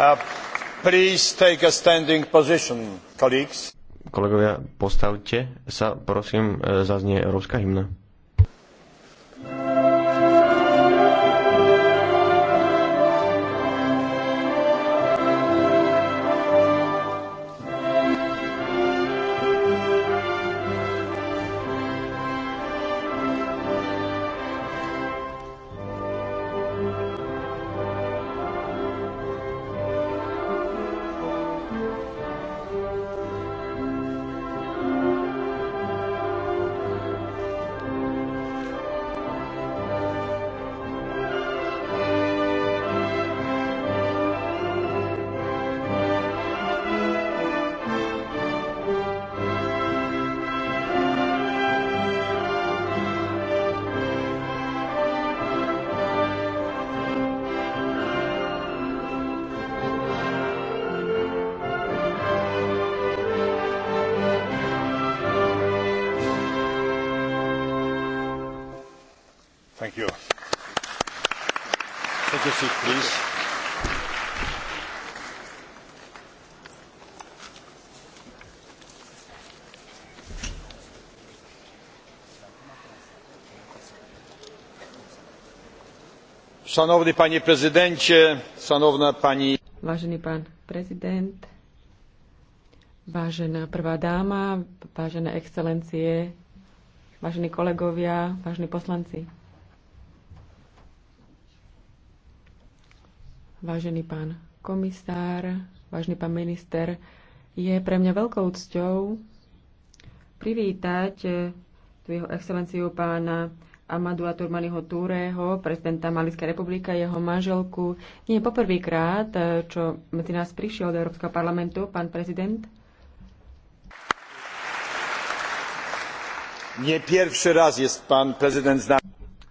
Uh, Kolegovia, postavte sa, prosím, e, zaznie európska hymna. Take a seat, please. Szanowny panie prezydencie, szanowna pani... Vážený pán prezident, vážená prvá dáma, vážené excelencie, vážení kolegovia, vážení poslanci. vážený pán komisár, vážený pán minister, je pre mňa veľkou cťou privítať eh, tu jeho excelenciu pána Amadua Turmaniho Túreho, prezidenta Malijskej republiky, jeho manželku. Nie poprvýkrát, eh, čo medzi nás prišiel do Európskeho parlamentu, pán prezident. Nie pierwszy raz jest pán prezident z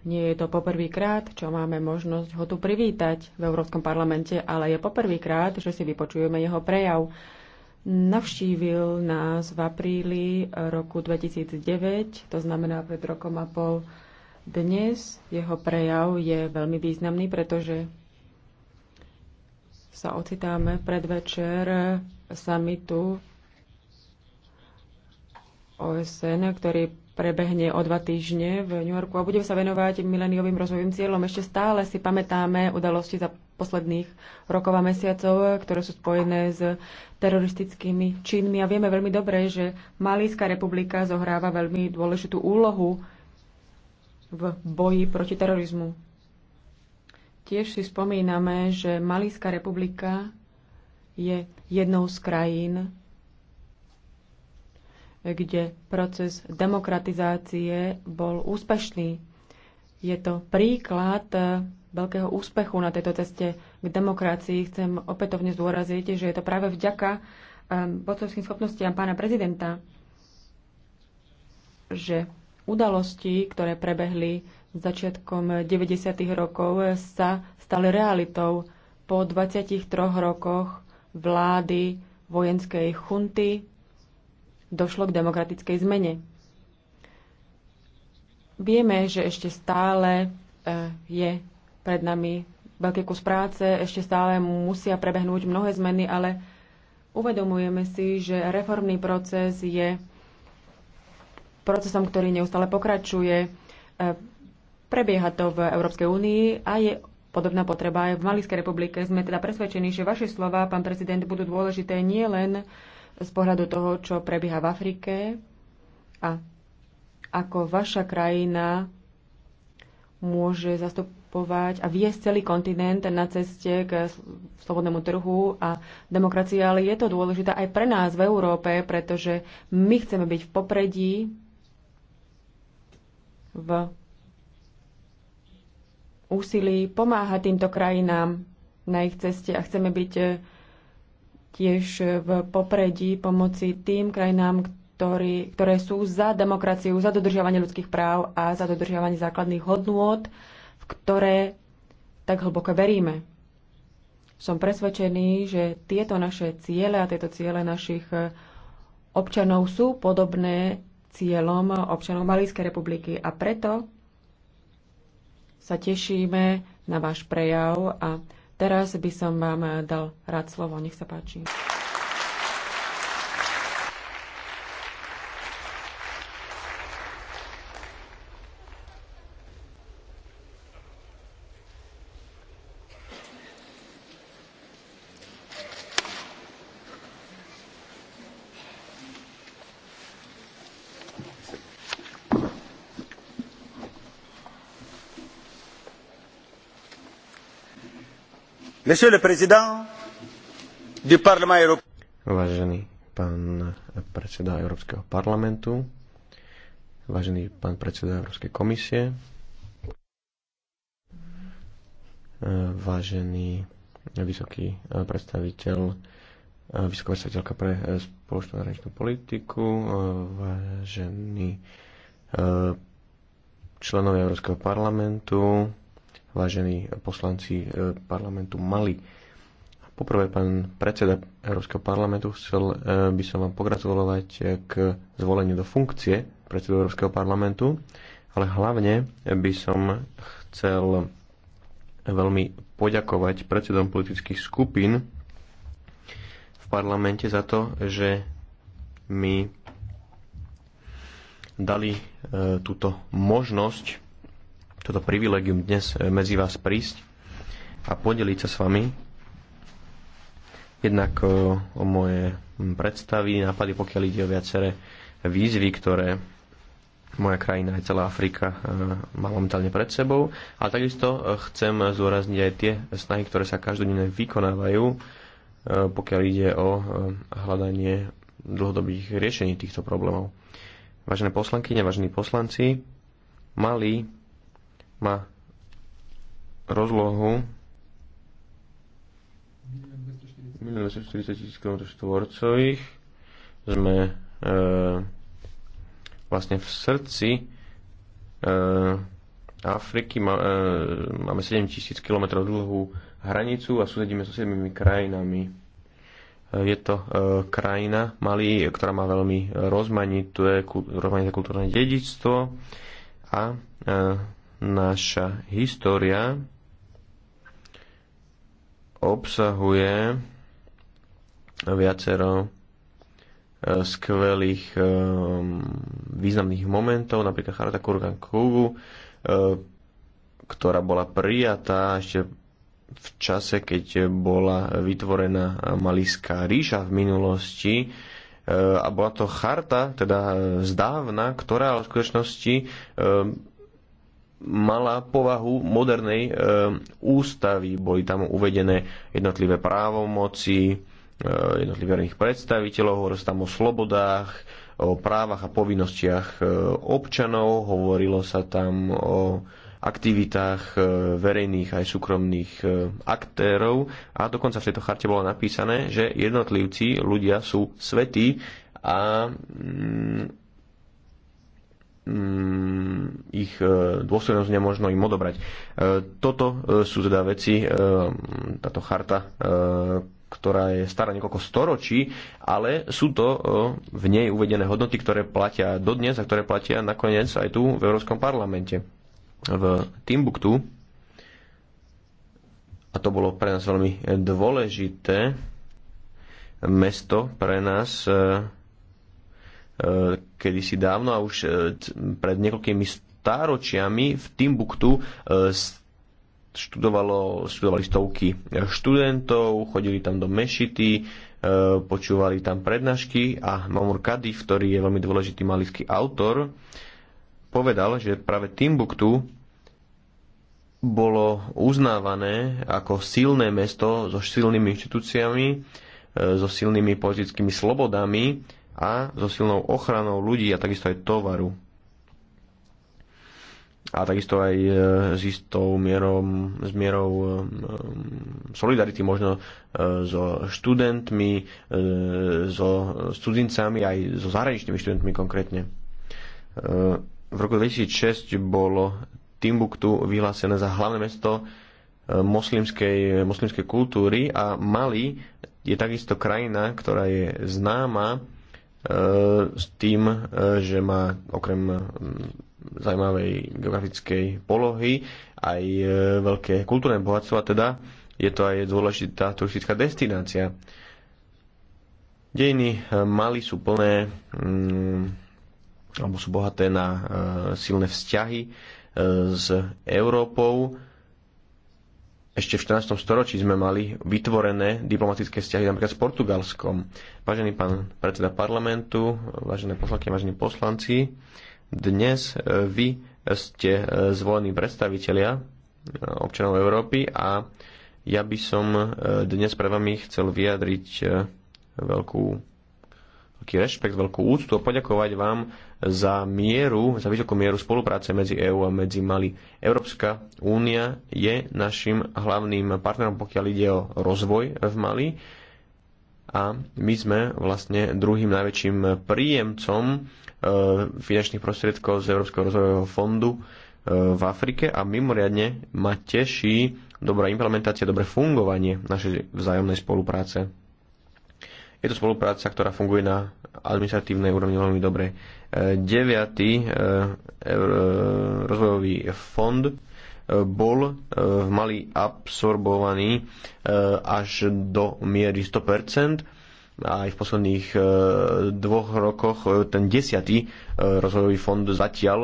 nie je to poprvýkrát, čo máme možnosť ho tu privítať v Európskom parlamente, ale je poprvýkrát, že si vypočujeme jeho prejav. Navštívil nás v apríli roku 2009, to znamená pred rokom a pol. Dnes jeho prejav je veľmi významný, pretože sa ocitáme v predvečer samitu OSN, ktorý prebehne o dva týždne v New Yorku a budeme sa venovať mileniovým rozvojovým cieľom. Ešte stále si pamätáme udalosti za posledných rokov a mesiacov, ktoré sú spojené s teroristickými činmi a vieme veľmi dobre, že Malíska republika zohráva veľmi dôležitú úlohu v boji proti terorizmu. Tiež si spomíname, že Malíska republika je jednou z krajín, kde proces demokratizácie bol úspešný. Je to príklad eh, veľkého úspechu na tejto ceste k demokracii. Chcem opätovne zdôraziť, že je to práve vďaka ehm, vodcovským schopnostiam pána prezidenta, že udalosti, ktoré prebehli začiatkom 90. rokov, eh, sa stali realitou po 23 rokoch vlády vojenskej chunty došlo k demokratickej zmene. Vieme, že ešte stále e, je pred nami veľký kus práce, ešte stále musia prebehnúť mnohé zmeny, ale uvedomujeme si, že reformný proces je procesom, ktorý neustále pokračuje. E, prebieha to v Európskej únii a je podobná potreba aj v Malijskej republike. Sme teda presvedčení, že vaše slova, pán prezident, budú dôležité nielen len z pohľadu toho, čo prebieha v Afrike a ako vaša krajina môže zastupovať a viesť celý kontinent na ceste k slobodnému trhu a demokracii, ale je to dôležité aj pre nás v Európe, pretože my chceme byť v popredí v úsilí pomáhať týmto krajinám na ich ceste a chceme byť eh, tiež v popredí pomoci tým krajinám, ktorý, ktoré sú za demokraciu, za dodržiavanie ľudských práv a za dodržiavanie základných hodnôt, v ktoré tak hlboko veríme. Som presvedčený, že tieto naše ciele a tieto ciele našich eh, občanov sú podobné cieľom občanov Malijskej republiky a preto sa tešíme na váš prejav a Teraz by som vám eh, dal rád slovo. Nech sa páči. Vážený pán predseda Európskeho parlamentu, vážený pán predseda Európskej komisie, vážený vysoký predstaviteľ, vysoká predstaviteľka pre spoločnú zahraničnú politiku, vážení eh, členovia Európskeho parlamentu, vážení poslanci eh, parlamentu, mali. Poprvé, pán predseda Európskeho parlamentu, chcel eh, by som vám pogratulovať eh, k zvoleniu do funkcie predsedu Európskeho parlamentu, ale hlavne by som chcel veľmi poďakovať predsedom politických skupín v parlamente za to, že mi dali túto možnosť toto privilegium dnes e, medzi vás prísť a podeliť sa s vami jednak e, o, moje predstavy, nápady, pokiaľ ide o viaceré výzvy, ktoré moja krajina aj celá Afrika e, má momentálne pred sebou. A takisto chcem zdôrazniť aj tie snahy, ktoré sa každodenne vykonávajú, pokiaľ ide o hľadanie dlhodobých riešení týchto problémov. Vážené poslanky, vážení poslanci, Mali má rozlohu 1240 km 2 Sme e, vlastne v srdci e, Afriky. Má, e, máme 7000 km dlhú hranicu a susedíme so 7 krajinami. E, je to e, krajina Mali, ktorá má veľmi rozmanité, rozmanité kultúrne dedičstvo a e, naša história obsahuje viacero e, skvelých e, významných momentov, napríklad Charta Kurgan Kugu, e, ktorá bola prijatá ešte v čase, keď bola vytvorená Malíská ríša v minulosti. A bola to charta, teda zdávna, ktorá v skutočnosti mala povahu modernej e, ústavy. Boli tam uvedené jednotlivé právomoci, e, jednotlivých predstaviteľov, hovorilo sa tam o slobodách, o právach a povinnostiach e, občanov, hovorilo sa tam o aktivitách e, verejných aj súkromných e, aktérov a dokonca v tejto charte bolo napísané, že jednotlivci, ľudia sú svetí a mm, Mm, ich e, dôstojnosť nemožno im odobrať. E, toto e, sú teda veci, táto charta, ktorá je stará niekoľko storočí, ale sú to v nej uvedené hodnoty, ktoré platia dodnes a ktoré platia nakoniec aj tu v Európskom parlamente. V Timbuktu, a to bolo pre nás veľmi dôležité, mesto pre nás E, kedysi dávno a už e, pred niekoľkými stáročiami v Timbuktu e, študovalo, študovali stovky študentov, chodili tam do mešity, počúvali tam prednášky a Mamur Kadif, ktorý je veľmi dôležitý malický autor, povedal, že práve Timbuktu bolo uznávané ako silné mesto so silnými inštitúciami, so silnými politickými slobodami a so silnou ochranou ľudí a takisto aj tovaru. A takisto aj e, s istou mierom, s mierou e, solidarity možno e, so študentmi, so studincami, aj so zahraničnými študentmi konkrétne. V roku 2006 bolo Timbuktu vyhlásené za hlavné mesto moslimskej, moslimskej kultúry a Mali je takisto krajina, ktorá je známa s tým, e, že má okrem zaujímavej geografickej polohy aj e, veľké kultúrne bohatstvo a teda je to aj dôležitá turistická destinácia. Dejiny e, Mali sú plné alebo sú bohaté na silné vzťahy s Európou ešte v 14. storočí sme mali vytvorené diplomatické vzťahy napríklad s Portugalskom. Vážený pán predseda parlamentu, vážené poslanky, vážení poslanci, dnes e, vy ste e, zvolení predstavitelia e, občanov Európy a ja by som dnes pre vami chcel vyjadriť veľkú, veľký rešpekt, veľkú úctu a poďakovať vám za mieru, za vysokú mieru spolupráce medzi EÚ a medzi Mali. Európska únia je našim hlavným partnerom, pokiaľ ide o rozvoj v Mali a my sme vlastne druhým najväčším príjemcom e, finančných prostriedkov z Európskeho rozvojového fondu e, v Afrike a mimoriadne ma teší dobrá implementácia, dobré fungovanie našej vzájomnej spolupráce. Je to spolupráca, ktorá funguje na administratívnej úrovni veľmi dobre. 9. E, e, rozvojový fond e, bol v Mali absorbovaný až do miery 100% aj v posledných dvoch rokoch ten desiatý rozvojový fond zatiaľ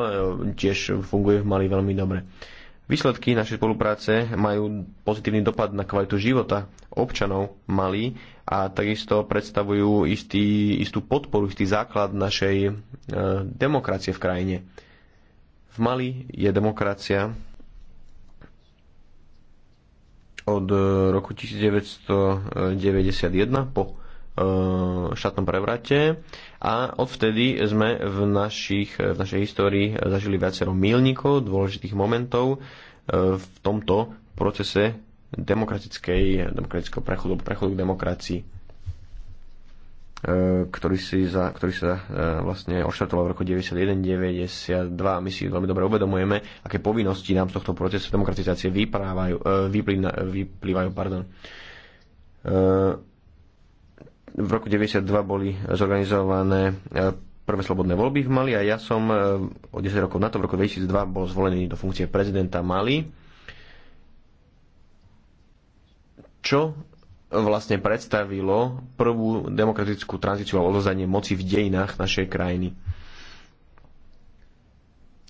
tiež funguje v Mali veľmi dobre. Výsledky našej spolupráce majú pozitívny dopad na kvalitu života občanov Mali a takisto predstavujú istý, istú podporu, istý základ našej e, demokracie v krajine. V Mali je demokracia od e, roku 1991 e, po Eh, štátnom prevrate a odvtedy sme v, našich, v našej histórii zažili viacero milníkov, dôležitých momentov eh, v tomto procese demokratickej, demokratického prechodu, prechodu k demokracii eh, ktorý, si za, ktorý sa vlastne oštartoval v roku 91-92. My si veľmi dobre uvedomujeme, aké povinnosti nám z tohto procesu demokratizácie vyplývajú. vyplývajú pardon v roku 92 boli zorganizované e, prvé slobodné voľby v Mali a ja som e, o 10 rokov na to v roku 2002 bol zvolený do funkcie prezidenta Mali. Čo vlastne predstavilo prvú demokratickú tranzíciu a odozanie moci v dejinách našej krajiny.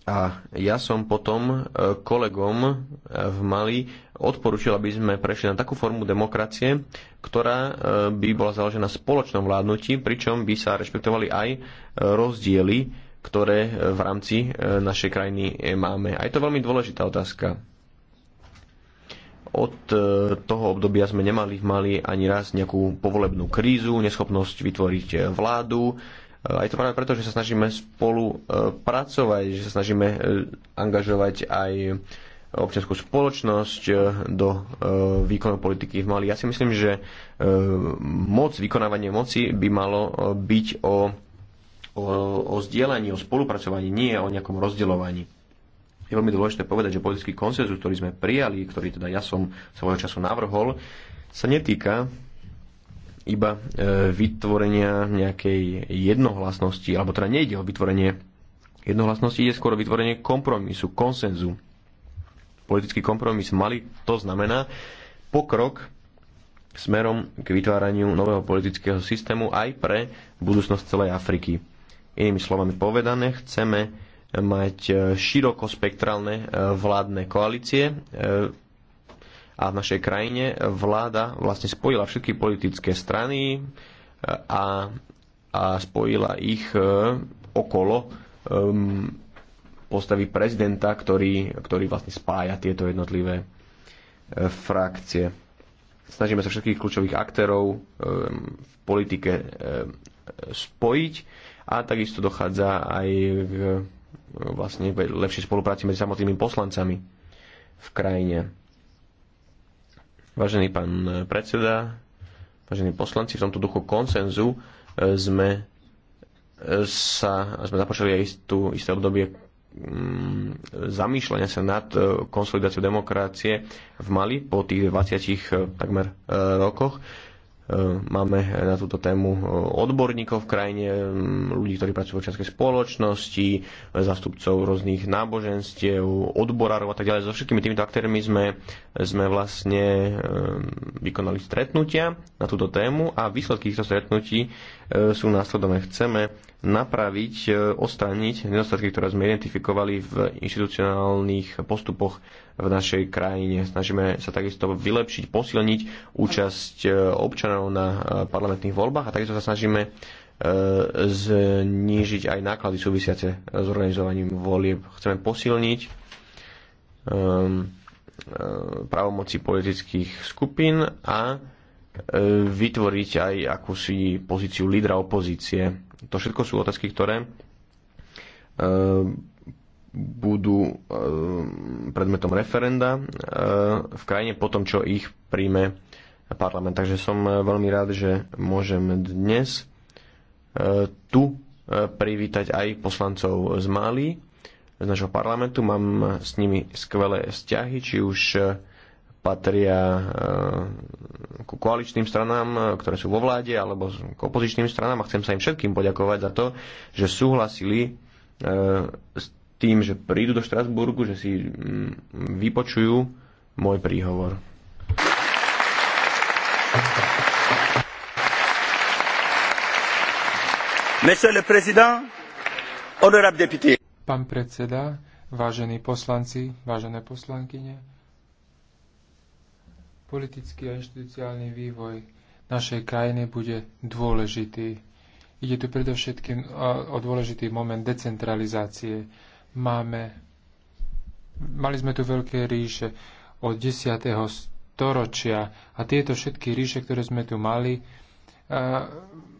A ja som potom e, kolegom e, v Mali odporúčil, aby sme prešli na takú formu demokracie, ktorá e, by bola založená spoločnom vládnutí, pričom by sa rešpektovali aj rozdiely, ktoré v rámci našej krajiny máme. A je to veľmi dôležitá otázka. Od toho obdobia sme nemali v Mali ani raz nejakú povolebnú krízu, neschopnosť vytvoriť vládu, a je to práve preto, že sa snažíme spolu e, pracovať, že sa snažíme e, angažovať aj občianskú spoločnosť e, do výkonu politiky v Mali. Ja si myslím, že moc, vykonávanie moci by malo byť o, o, o zdieľaní, o spolupracovaní, nie o nejakom rozdeľovaní. Je veľmi dôležité povedať, že politický konsenzus, ktorý sme prijali, ktorý teda ja som svojho času navrhol, sa netýka iba e, vytvorenia nejakej jednohlasnosti, alebo teda nejde o vytvorenie jednohlasnosti, ide skôr o vytvorenie kompromisu, konsenzu. Politický kompromis mali, to znamená pokrok smerom k vytváraniu nového politického systému aj pre budúcnosť celej Afriky. Inými slovami povedané, chceme mať e, širokospektrálne e, vládne koalície, a v našej krajine vláda vlastne spojila všetky politické strany e, a, a spojila ich e, okolo um, postavy prezidenta, ktorý, ktorý vlastne spája tieto jednotlivé e, frakcie. Snažíme sa všetkých kľúčových aktérov um, v politike um, spojiť a takisto dochádza aj k vlastne lepšej spolupráci medzi samotnými poslancami v krajine Vážený pán e, predseda, vážení poslanci, v tomto duchu konsenzu e, sme e, sa, sme započali aj istú, isté obdobie mm, zamýšľania sa nad konsolidáciou demokracie v Mali po tých 20 takmer rokoch. E, máme na túto tému e, odborníkov v krajine, ľudí, ktorí pracujú v občianskej spoločnosti, zastupcov rôznych náboženstiev, odborárov a tak ďalej. So všetkými týmito aktérmi sme, sme vlastne e, vykonali stretnutia na túto tému a výsledky týchto stretnutí sú následovné. Chceme napraviť, e, odstrániť nedostatky, ktoré sme identifikovali v inštitucionálnych postupoch v našej krajine. Snažíme sa takisto vylepšiť, posilniť účasť e, občanov na e, parlamentných voľbách a takisto sa snažíme znížiť aj náklady súvisiace s organizovaním volieb. Chceme posilniť ehm, právomoci politických skupín a vytvoriť aj akúsi pozíciu lídra opozície to všetko sú otázky, ktoré e, budú e, predmetom referenda e, v krajine po tom, čo ich príjme parlament. Takže som veľmi rád, že môžem dnes tu privítať aj poslancov z Mali, z našho parlamentu. Mám s nimi skvelé vzťahy, či už patria eh, ku koaličným stranám, eh, ktoré sú vo vláde, alebo k opozičným stranám a chcem sa im všetkým poďakovať za to, že súhlasili eh, s tým, že prídu do Štrasburgu, že si mm, vypočujú môj príhovor. Pán predseda, vážení poslanci, vážené poslankyne, Politický a inštitucionálny vývoj našej krajiny bude dôležitý. Ide tu predovšetkým o dôležitý moment decentralizácie. Máme, mali sme tu veľké ríše od 10. storočia a tieto všetky ríše, ktoré sme tu mali,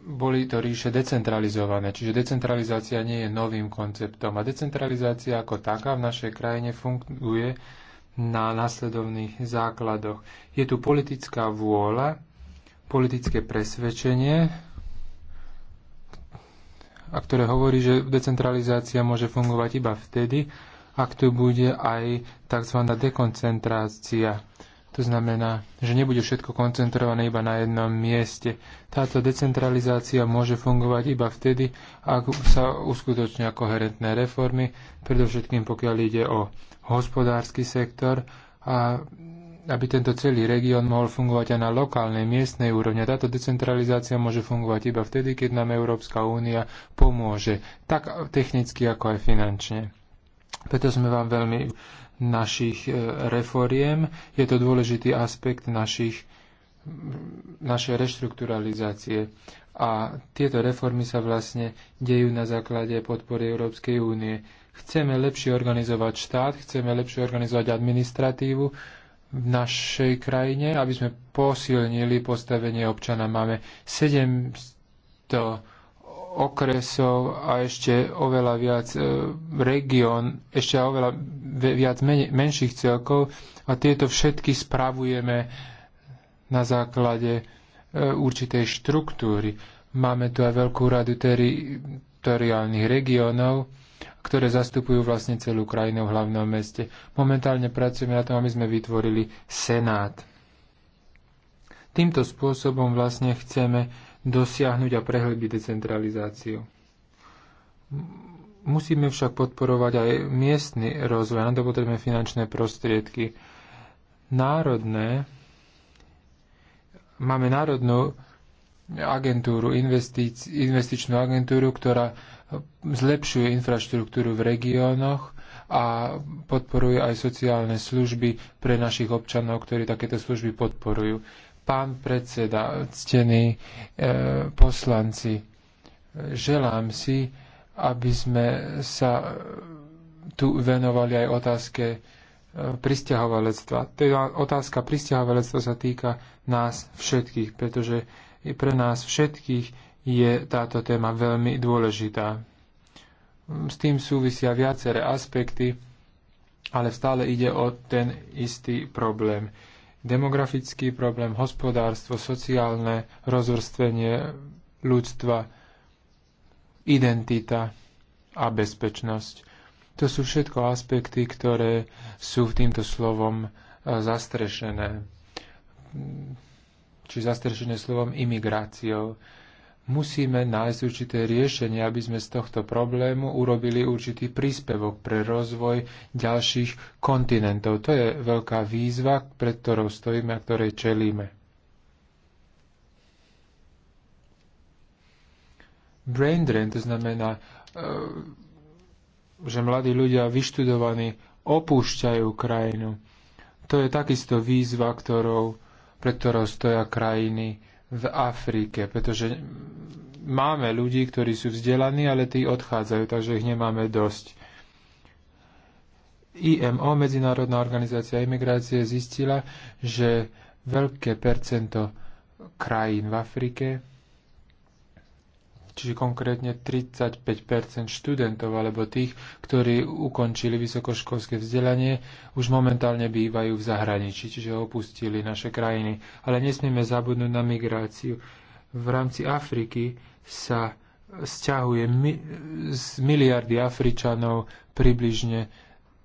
boli to ríše decentralizované. Čiže decentralizácia nie je novým konceptom. A decentralizácia ako taká v našej krajine funguje na následovných základoch. Je tu politická vôľa, politické presvedčenie, a ktoré hovorí, že decentralizácia môže fungovať iba vtedy, ak tu bude aj tzv. dekoncentrácia. To znamená, že nebude všetko koncentrované iba na jednom mieste. Táto decentralizácia môže fungovať iba vtedy, ak sa uskutočnia koherentné reformy, predovšetkým pokiaľ ide o hospodársky sektor a aby tento celý región mohol fungovať aj na lokálnej, miestnej úrovni. Táto decentralizácia môže fungovať iba vtedy, keď nám Európska únia pomôže, tak technicky ako aj finančne. Preto sme vám veľmi našich e, reforiem. Je to dôležitý aspekt našich, našej reštrukturalizácie. A tieto reformy sa vlastne dejú na základe podpory Európskej únie. Chceme lepšie organizovať štát, chceme lepšie organizovať administratívu v našej krajine, aby sme posilnili postavenie občana. Máme 700 okresov a ešte oveľa viac e, región, ešte oveľa viac men, menších celkov a tieto všetky spravujeme na základe e, určitej štruktúry. Máme tu aj veľkú radu teritoriálnych regiónov, ktoré zastupujú vlastne celú krajinu v hlavnom meste. Momentálne pracujeme na tom, aby sme vytvorili Senát. Týmto spôsobom vlastne chceme dosiahnuť a prehlbiť decentralizáciu. Musíme však podporovať aj miestny rozvoj, na to potrebujeme finančné prostriedky. Národné, máme národnú agentúru, investíc, investičnú agentúru, ktorá zlepšuje infraštruktúru v regiónoch a podporuje aj sociálne služby pre našich občanov, ktorí takéto služby podporujú. Pán predseda, ctení e, poslanci, želám si, aby sme sa tu venovali aj otázke e, pristahovalectva. Teda otázka pristahovalectva sa týka nás všetkých, pretože pre nás všetkých je táto téma veľmi dôležitá. S tým súvisia viaceré aspekty, ale stále ide o ten istý problém demografický problém, hospodárstvo, sociálne rozvrstvenie ľudstva, identita a bezpečnosť. To sú všetko aspekty, ktoré sú týmto slovom e, zastrešené. Či zastrešené slovom imigráciou musíme nájsť určité riešenie, aby sme z tohto problému urobili určitý príspevok pre rozvoj ďalších kontinentov. To je veľká výzva, pred ktorou stojíme a ktorej čelíme. Brain drain, to znamená, e, že mladí ľudia vyštudovaní opúšťajú krajinu. To je takisto výzva, ktorou, pre ktorou stoja krajiny v Afrike, pretože máme ľudí, ktorí sú vzdelaní, ale tí odchádzajú, takže ich nemáme dosť. IMO, Medzinárodná organizácia imigrácie, zistila, že veľké percento krajín v Afrike čiže konkrétne 35 študentov alebo tých, ktorí ukončili vysokoškolské vzdelanie, už momentálne bývajú v zahraničí, čiže opustili naše krajiny. Ale nesmieme zabudnúť na migráciu. V rámci Afriky sa sťahuje mi, z miliardy Afričanov približne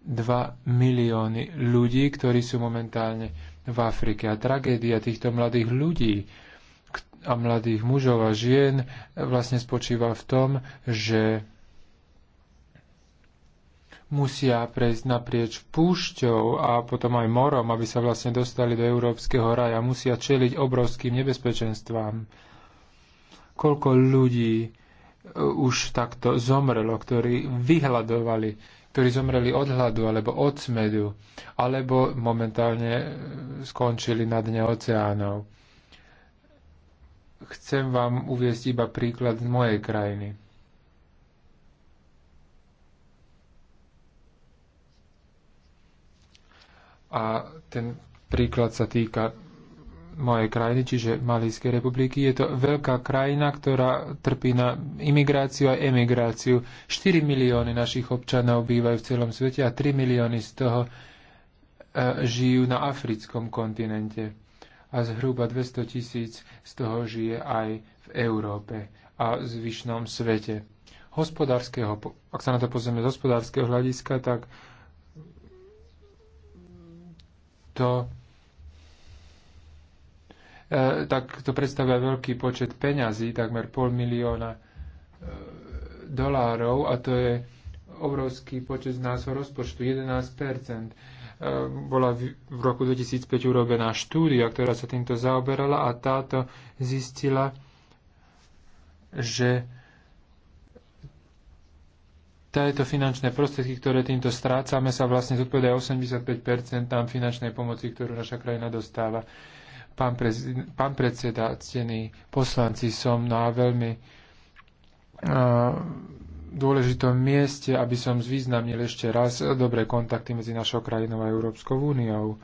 2 milióny ľudí, ktorí sú momentálne v Afrike. A tragédia týchto mladých ľudí, a mladých mužov a žien vlastne spočíva v tom, že musia prejsť naprieč púšťou a potom aj morom, aby sa vlastne dostali do európskeho raja. Musia čeliť obrovským nebezpečenstvám. Koľko ľudí e, už takto zomrelo, ktorí vyhľadovali, ktorí zomreli od hladu alebo od smedu, alebo momentálne skončili na dne oceánov chcem vám uviesť iba príklad z mojej krajiny. A ten príklad sa týka mojej krajiny, čiže Malijskej republiky. Je to veľká krajina, ktorá trpí na imigráciu a emigráciu. 4 milióny našich občanov bývajú v celom svete a 3 milióny z toho e, žijú na africkom kontinente a zhruba 200 tisíc z toho žije aj v Európe a zvyšnom svete. Hospodárskeho, ak sa na to pozrieme z hospodárskeho hľadiska, tak to e, tak to predstavuje veľký počet peňazí, takmer pol milióna e, dolárov a to je obrovský počet z nášho rozpočtu, 11 Eh, bola v roku 2005 urobená štúdia, ktorá sa týmto zaoberala a táto zistila, že tieto finančné prostriedky, ktoré týmto strácame, sa vlastne zodpovedajú 85% tam finančnej pomoci, ktorú naša krajina dostáva. Pán, prez, pán predseda, ctení poslanci, som na no veľmi uh, dôležitom mieste, aby som zvýznamnil ešte raz dobré kontakty medzi našou krajinou a Európskou úniou.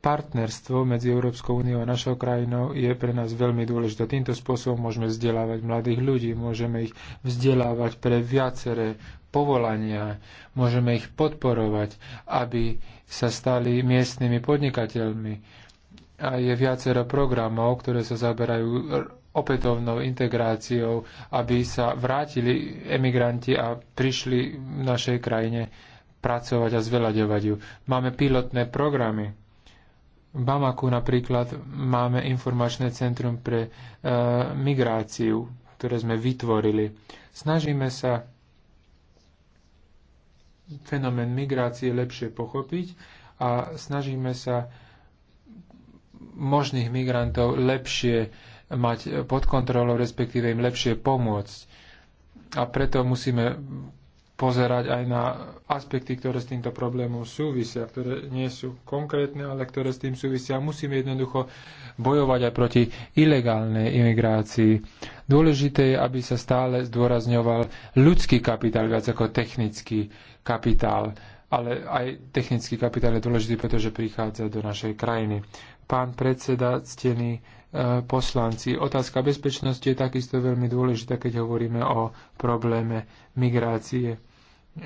Partnerstvo medzi Európskou úniou a našou krajinou je pre nás veľmi dôležité. Týmto spôsobom môžeme vzdelávať mladých ľudí, môžeme ich vzdelávať pre viaceré povolania, môžeme ich podporovať, aby sa stali miestnymi podnikateľmi. A je viacero programov, ktoré sa zaberajú opätovnou integráciou, aby sa vrátili emigranti a prišli v našej krajine pracovať a zveľaďovať ju. Máme pilotné programy. V Bamaku napríklad máme informačné centrum pre e, migráciu, ktoré sme vytvorili. Snažíme sa fenomén migrácie lepšie pochopiť a snažíme sa možných migrantov lepšie mať pod kontrolou, respektíve im lepšie pomôcť. A preto musíme pozerať aj na aspekty, ktoré s týmto problémom súvisia, ktoré nie sú konkrétne, ale ktoré s tým súvisia. Musíme jednoducho bojovať aj proti ilegálnej imigrácii. Dôležité je, aby sa stále zdôrazňoval ľudský kapitál viac ako technický kapitál. Ale aj technický kapitál je dôležitý, pretože prichádza do našej krajiny. Pán predseda, ctený poslanci. Otázka bezpečnosti je takisto veľmi dôležitá, keď hovoríme o probléme migrácie.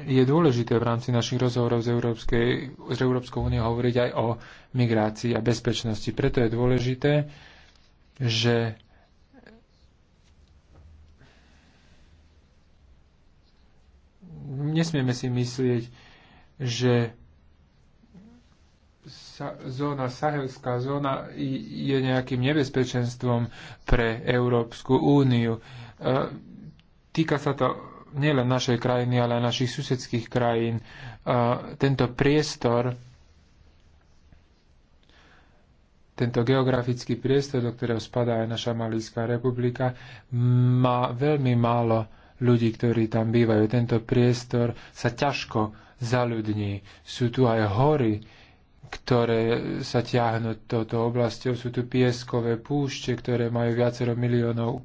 Je dôležité v rámci našich rozhovorov z, Európskej, z Európskou úniou hovoriť aj o migrácii a bezpečnosti. Preto je dôležité, že nesmieme si myslieť, že zóna, sahelská zóna je nejakým nebezpečenstvom pre Európsku úniu. E, týka sa to nielen našej krajiny, ale aj našich susedských krajín. E, tento priestor, tento geografický priestor, do ktorého spadá aj naša Malíska republika, má veľmi málo ľudí, ktorí tam bývajú. Tento priestor sa ťažko zaľudní. Sú tu aj hory, ktoré sa ťahnú touto oblasťou. Sú tu pieskové púšte, ktoré majú viacero miliónov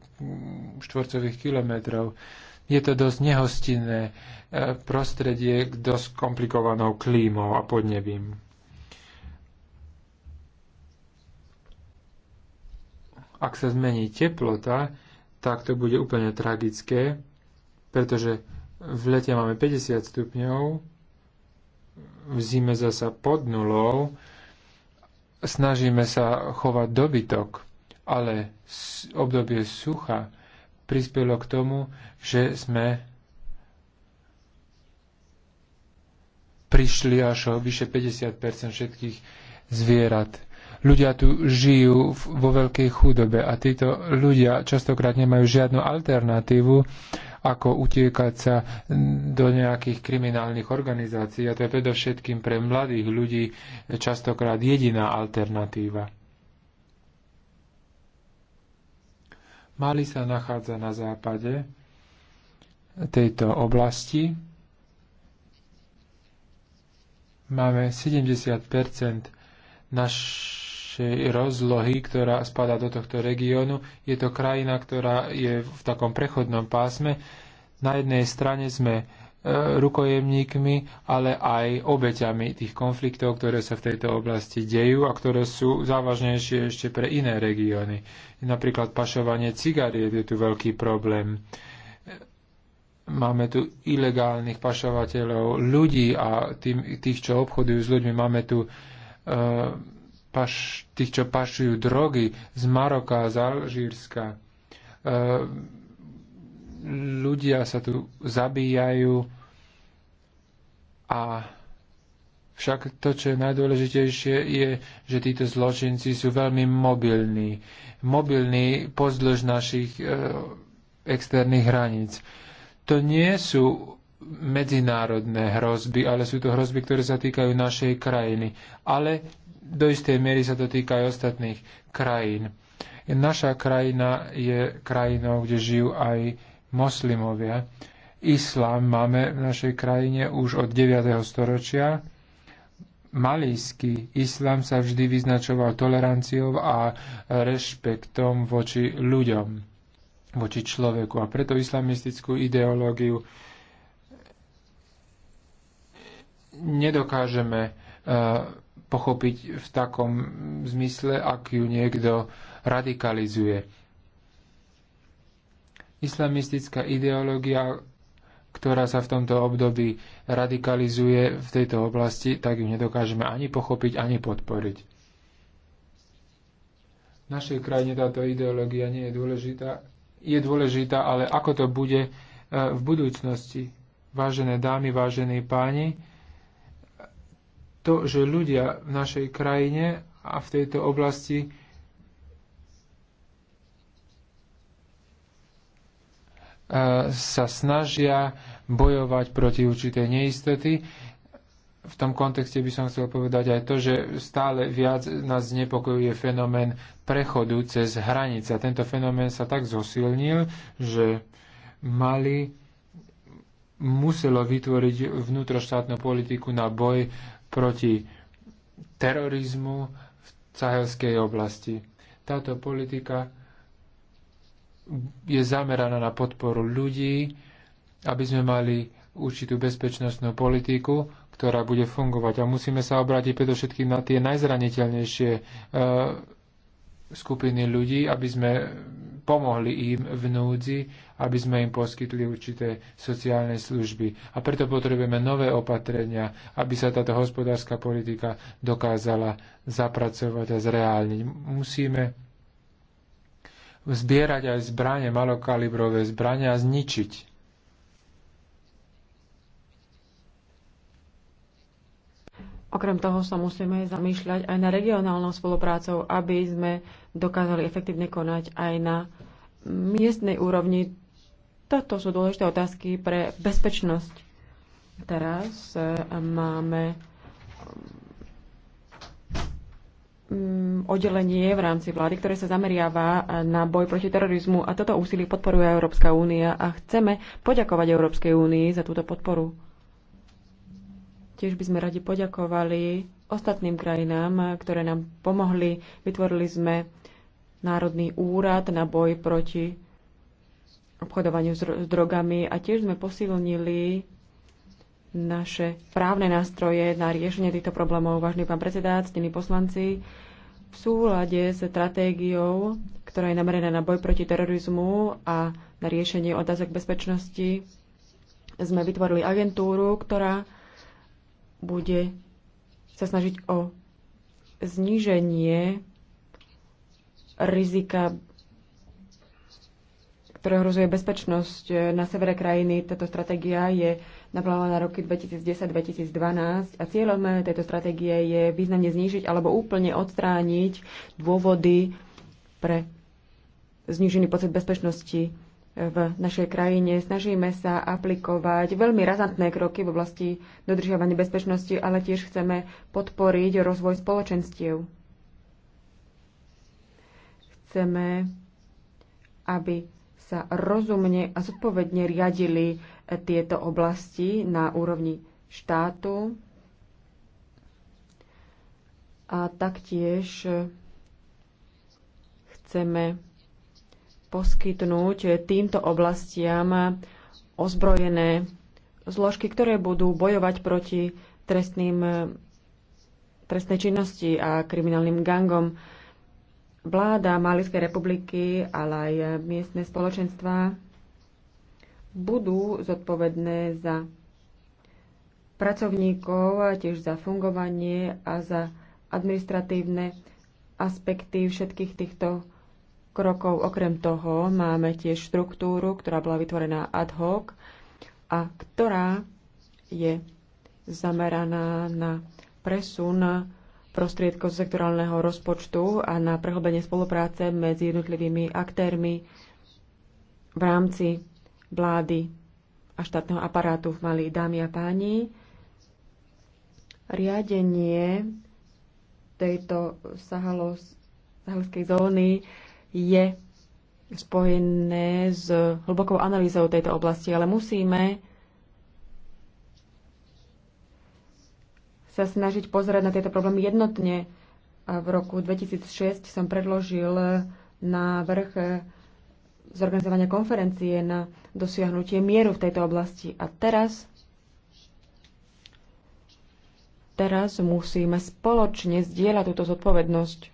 štvorcových kilometrov. Je to dosť nehostinné e, prostredie k dosť komplikovanou klímou a podnebím. Ak sa zmení teplota, tak to bude úplne tragické, pretože v lete máme 50 stupňov, v zime zasa pod nulou, snažíme sa chovať dobytok, ale obdobie sucha prispelo k tomu, že sme prišli až o vyše 50 všetkých zvierat Ľudia tu žijú vo veľkej chudobe a títo ľudia častokrát nemajú žiadnu alternatívu, ako utiekať sa do nejakých kriminálnych organizácií. A to je predovšetkým pre mladých ľudí častokrát jediná alternatíva. Mali sa nachádza na západe tejto oblasti. Máme 70 naš našej rozlohy, ktorá spadá do tohto regiónu. Je to krajina, ktorá je v takom prechodnom pásme. Na jednej strane sme e, rukojemníkmi, ale aj obeťami tých konfliktov, ktoré sa v tejto oblasti dejú a ktoré sú závažnejšie ešte pre iné regióny. Napríklad pašovanie cigariet je tu veľký problém. Máme tu ilegálnych pašovateľov ľudí a tým, tých, čo obchodujú s ľuďmi. Máme tu e, paš, tých, čo pašujú drogy z Maroka, z Alžírska. E, ľudia sa tu zabíjajú a však to, čo je najdôležitejšie, je, že títo zločinci sú veľmi mobilní. Mobilní pozdĺž našich e, externých hraníc. To nie sú medzinárodné hrozby, ale sú to hrozby, ktoré sa týkajú našej krajiny. Ale do istej miery sa to týka aj ostatných krajín. Naša krajina je krajinou, kde žijú aj moslimovia. Islám máme v našej krajine už od 9. storočia. Malísky islám sa vždy vyznačoval toleranciou a rešpektom voči ľuďom, voči človeku. A preto islamistickú ideológiu nedokážeme e, pochopiť v takom zmysle, ak ju niekto radikalizuje. Islamistická ideológia, ktorá sa v tomto období radikalizuje v tejto oblasti, tak ju nedokážeme ani pochopiť, ani podporiť. V našej krajine táto ideológia nie je dôležitá. Je dôležitá, ale ako to bude e, v budúcnosti. Vážené dámy, vážení páni, to, že ľudia v našej krajine a v tejto oblasti e, sa snažia bojovať proti určitej neistoty. V tom kontexte by som chcel povedať aj to, že stále viac nás znepokojuje fenomén prechodu cez hranice. Tento fenomén sa tak zosilnil, že Mali muselo vytvoriť vnútroštátnu politiku na boj proti terorizmu v sahelskej oblasti. Táto politika je zameraná na podporu ľudí, aby sme mali určitú bezpečnostnú politiku, ktorá bude fungovať. A musíme sa obrátiť predovšetkým na tie najzraniteľnejšie eh, skupiny ľudí, aby sme pomohli im v núdzi, aby sme im poskytli určité sociálne služby. A preto potrebujeme nové opatrenia, aby sa táto hospodárska politika dokázala zapracovať a zreálniť. Musíme zbierať aj zbranie, malokalibrové zbrania a zničiť Okrem toho sa musíme zamýšľať aj na regionálnou spoluprácou, aby sme dokázali efektívne konať aj na miestnej úrovni. Toto sú dôležité otázky pre bezpečnosť. Teraz eh, máme mm, oddelenie v rámci vlády, ktoré sa zameriava eh, na boj proti terorizmu a toto úsilie podporuje Európska únia a chceme poďakovať Európskej únii za túto podporu. Tiež by sme radi poďakovali ostatným krajinám, ktoré nám pomohli. Vytvorili sme Národný úrad na boj proti obchodovaniu s drogami a tiež sme posilnili naše právne nástroje na riešenie týchto problémov. Vážny pán predseda, ctení poslanci, v súlade s stratégiou, ktorá je namerená na boj proti terorizmu a na riešenie otázok bezpečnosti, sme vytvorili agentúru, ktorá bude sa snažiť o zníženie rizika, ktoré hrozuje bezpečnosť eh, na severe krajiny. Táto stratégia je naplánovaná na roky 2010-2012 a cieľom eh, tejto stratégie je významne znížiť alebo úplne odstrániť dôvody pre znížený pocit bezpečnosti v našej krajine. Snažíme sa aplikovať veľmi razantné kroky v oblasti dodržiavania bezpečnosti, ale tiež chceme podporiť rozvoj spoločenstiev. Chceme, aby sa rozumne a zodpovedne riadili tieto oblasti na úrovni štátu a taktiež chceme poskytnúť týmto oblastiam ozbrojené zložky, ktoré budú bojovať proti trestným, trestnej činnosti a kriminálnym gangom. Vláda Malijskej republiky, ale aj miestne spoločenstva budú zodpovedné za pracovníkov a tiež za fungovanie a za administratívne aspekty všetkých týchto krokov. Okrem toho máme tiež štruktúru, ktorá bola vytvorená ad hoc a ktorá je zameraná na presun prostriedkov z sektorálneho rozpočtu a na prehlbenie spolupráce medzi jednotlivými aktérmi v rámci vlády a štátneho aparátu v Mali. Dámy a páni, riadenie tejto sahalovskej zóny je spojené s hlbokou analýzou tejto oblasti, ale musíme sa snažiť pozerať na tieto problémy jednotne. V roku 2006 som predložil návrh zorganizovania konferencie na dosiahnutie mieru v tejto oblasti. A teraz, teraz musíme spoločne zdieľať túto zodpovednosť.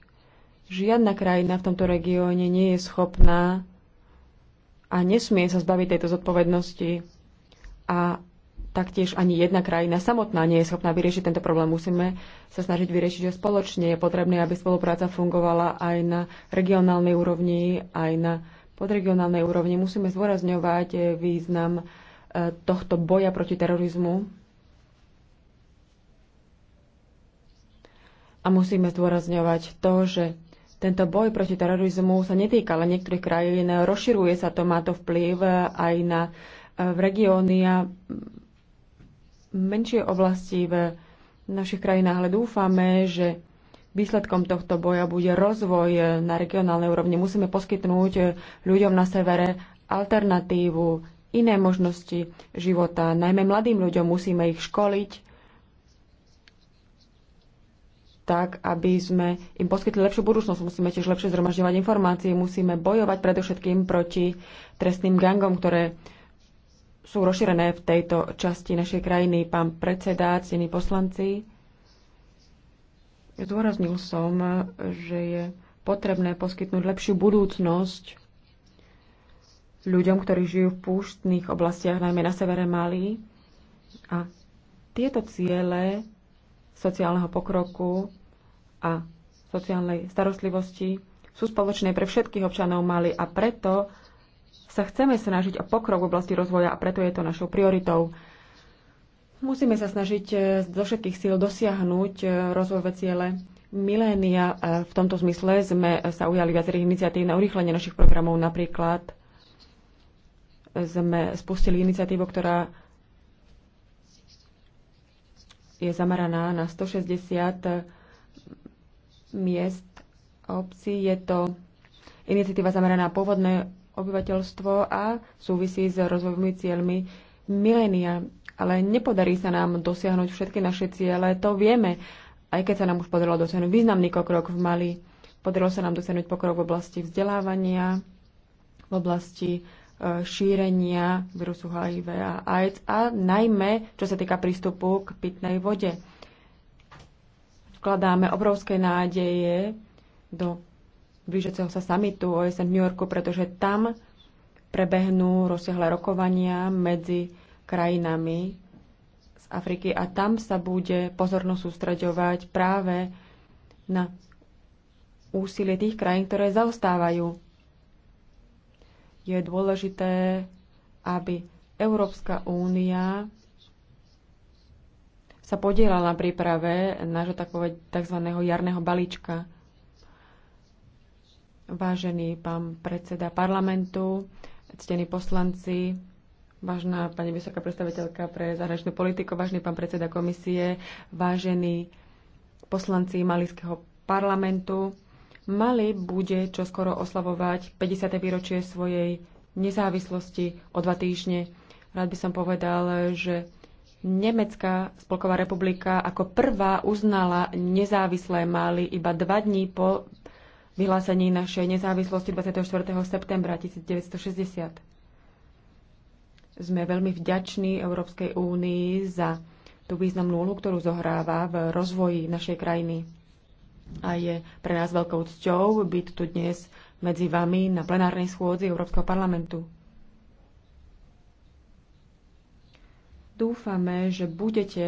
Žiadna krajina v tomto regióne nie je schopná a nesmie sa zbaviť tejto zodpovednosti. A taktiež ani jedna krajina samotná nie je schopná vyriešiť tento problém. Musíme sa snažiť vyriešiť ho spoločne. Je potrebné, aby spolupráca fungovala aj na regionálnej úrovni, aj na podregionálnej úrovni. Musíme zdôrazňovať význam e, tohto boja proti terorizmu. A musíme zdôrazňovať to, že tento boj proti terorizmu sa netýka len niektorých krajín, rozširuje sa to, má to vplyv aj na e, v regióny a menšie oblasti v našich krajinách, ale dúfame, že výsledkom tohto boja bude rozvoj na regionálnej úrovni. Musíme poskytnúť e, ľuďom na severe alternatívu, iné možnosti života. Najmä mladým ľuďom musíme ich školiť, tak, aby sme im poskytli lepšiu budúcnosť. Musíme tiež lepšie zhromažďovať informácie, musíme bojovať predovšetkým proti trestným gangom, ktoré sú rozšírené v tejto časti našej krajiny. Pán predseda, ctení poslanci, zdôraznil som, že je potrebné poskytnúť lepšiu budúcnosť ľuďom, ktorí žijú v púštnych oblastiach, najmä na severe Mali. A tieto ciele sociálneho pokroku a sociálnej starostlivosti sú spoločné pre všetkých občanov Mali a preto sa chceme snažiť o pokrok v oblasti rozvoja a preto je to našou prioritou. Musíme sa snažiť e, zo všetkých síl dosiahnuť e, rozvojové ciele milénia. E, v tomto zmysle sme sa ujali viacerých iniciatív na urýchlenie našich programov. Napríklad sme spustili iniciatívu, ktorá je zameraná na 160 miest obcí. Je to iniciatíva zameraná na pôvodné obyvateľstvo a súvisí s rozvojovými cieľmi milénia. Ale nepodarí sa nám dosiahnuť všetky naše ciele, to vieme, aj keď sa nám už podarilo dosiahnuť významný pokrok v Mali. Podarilo sa nám dosiahnuť pokrok v oblasti vzdelávania, v oblasti e, šírenia vírusu HIV a AIDS a najmä, čo sa týka prístupu k pitnej vode vkladáme obrovské nádeje do blížiaceho sa samitu OSN v New Yorku, pretože tam prebehnú rozsiahle rokovania medzi krajinami z Afriky a tam sa bude pozorno sústreďovať práve na úsilie tých krajín, ktoré zaostávajú. Je dôležité, aby Európska únia sa podielal na príprave nášho tzv. jarného balíčka. Vážený pán predseda parlamentu, ctení poslanci, vážená pani vysoká predstaviteľka pre zahraničnú politiku, vážený pán predseda komisie, vážení poslanci Malického parlamentu, Mali bude čo skoro oslavovať 50. výročie svojej nezávislosti o dva týždne. Rád by som povedal, že Nemecká spolková republika ako prvá uznala nezávislé Mali iba dva dní po vyhlásení našej nezávislosti 24. septembra 1960. Sme veľmi vďační Európskej únii za tú významnú úlohu, ktorú zohráva v rozvoji našej krajiny. A je pre nás veľkou cťou byť tu dnes medzi vami na plenárnej schôdzi Európskeho parlamentu. Dúfame, že budete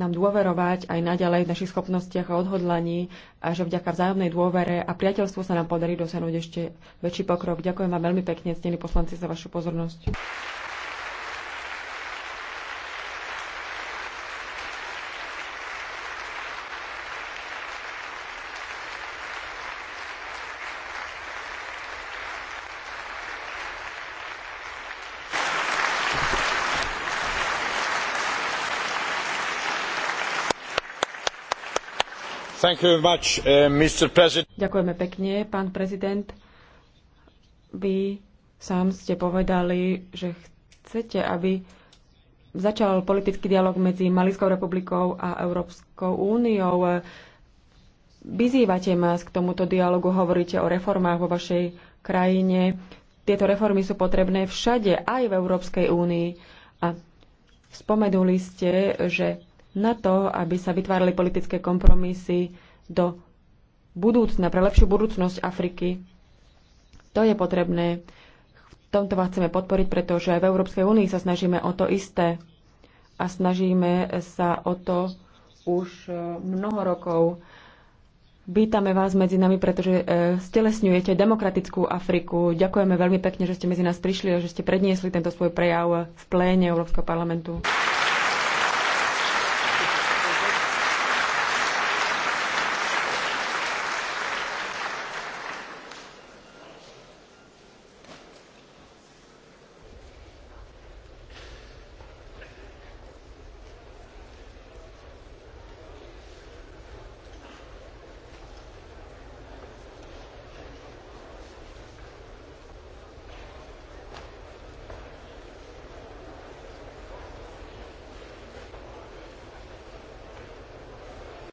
nám dôverovať aj naďalej v našich schopnostiach a odhodlaní a že vďaka vzájomnej dôvere a priateľstvu sa nám podarí dosiahnuť ešte väčší pokrok. Ďakujem vám veľmi pekne, ctení poslanci, za vašu pozornosť. Much, uh, Ďakujeme pekne, pán prezident. Vy sám ste povedali, že chcete, aby začal politický dialog medzi Malískou republikou a Európskou úniou. Vyzývate nás k tomuto dialogu, hovoríte o reformách vo vašej krajine. Tieto reformy sú potrebné všade, aj v Európskej únii. A spomenuli ste, že na to, aby sa vytvárali politické kompromisy do budúcna, pre lepšiu budúcnosť Afriky. To je potrebné. V tomto vás chceme podporiť, pretože v Európskej únii sa snažíme o to isté a snažíme sa o to už e, mnoho rokov. Vítame vás medzi nami, pretože e, stelesňujete demokratickú Afriku. Ďakujeme veľmi pekne, že ste medzi nás prišli a že ste predniesli tento svoj prejav v pléne Európskeho parlamentu.